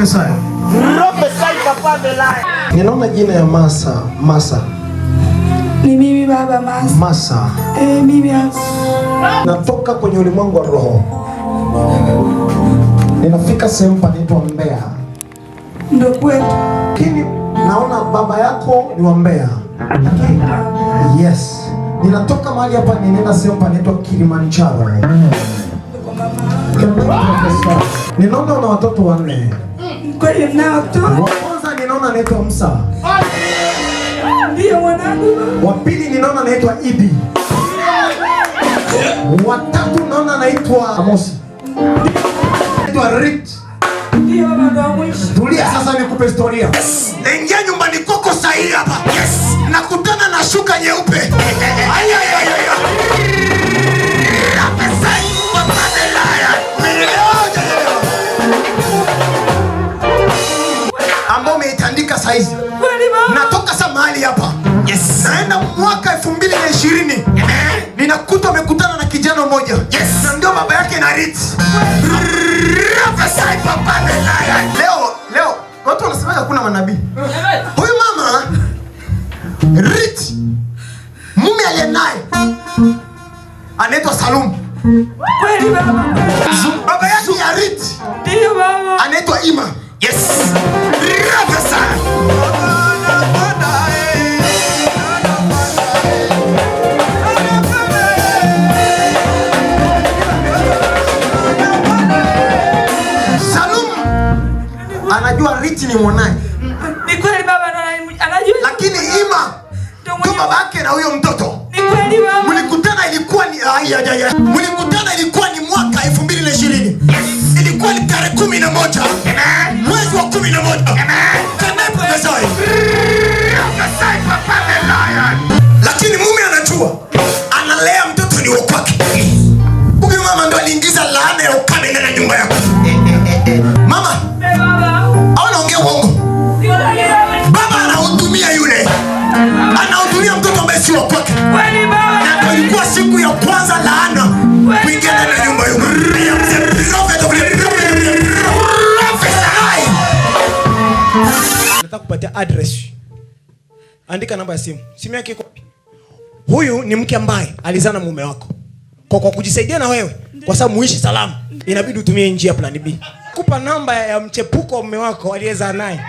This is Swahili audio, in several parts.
prophesy. Prophesy papa Belaya. Ninaona jina ya Masa, Masa. Ni mimi baba Masa. Masa. Eh, mimi hapa. Natoka kwenye ulimwengu wa roho. Ninafika sehemu panaitwa Mbeya. Ndio kwetu. Lakini naona baba yako ni wa Mbeya. Yes. Ninatoka mahali hapa ninaenda sehemu panaitwa Kilimanjaro. Ninaona una watoto wanne. Kweli kwanza ninaona anaitwa Musa. Ndio mwanangu. Wa pili ninaona anaitwa Idi. Wa tatu naona anaitwa Amosi. Anaitwa Rick. Ndio baba mwisho. Tulia sasa nikupe historia. Naingia nyumbani kwako sahihi hapa. Nakutana na shuka nyeupe. Haya saizi natoka sa mahali hapa yes. Naenda mwaka elfu mbili na ishirini ninakuta amekutana na kijana mmoja yes. Na ndio baba yake na Rit. Leo leo watu wanasema hakuna manabii. Huyu mama Rit mume aliye naye anaitwa Salum. Kweli baba. anajua Rich ni mwanaye. Ni kweli baba anajua. Lakini Ima ndio babake na huyo mtoto. Ni kweli baba. Mlikutana ilikuwa ni ah, mlikutana ilikuwa ni mwaka 2020. Ilikuwa ni tarehe 11 mwezi wa 11. Lakini mume anajua analea mtoto ni wa kwake. nitakupatia address. Andika namba ya simu. Simu yake iko Huyu ni mke ambaye alizana na mume wako. Kwa kwa kujisaidia na wewe kwa sababu muishi salama, inabidi utumie njia plan B. Kupa namba ya mchepuko wa mume wako aliyezaa naye.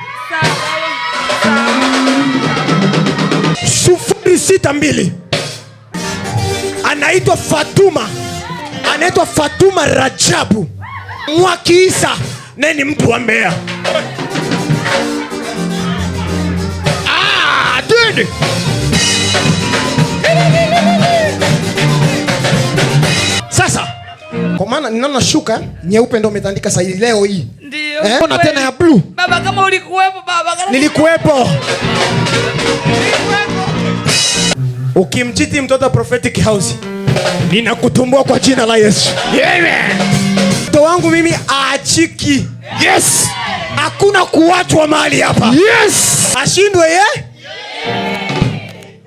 Sufuri sita mbili. Anaitwa Fatuma. Anaitwa Fatuma Rajabu Mwakiisa, naye ni mtu wa mbea good. sasa, kwa maana ninaona shuka nyeupe ndio umetandika sasa leo hii. Ndio. Eh, kuna tena ya blue. Baba kama ulikuwepo baba. Nilikuwepo. Ukimchiti mtoto Prophetic House, ninakutumbua kwa jina la Yesu. Amen. Mtoto wangu mimi aachiki. Yes. Hakuna kuachwa mahali hapa. Yes. Ashindwe yeye.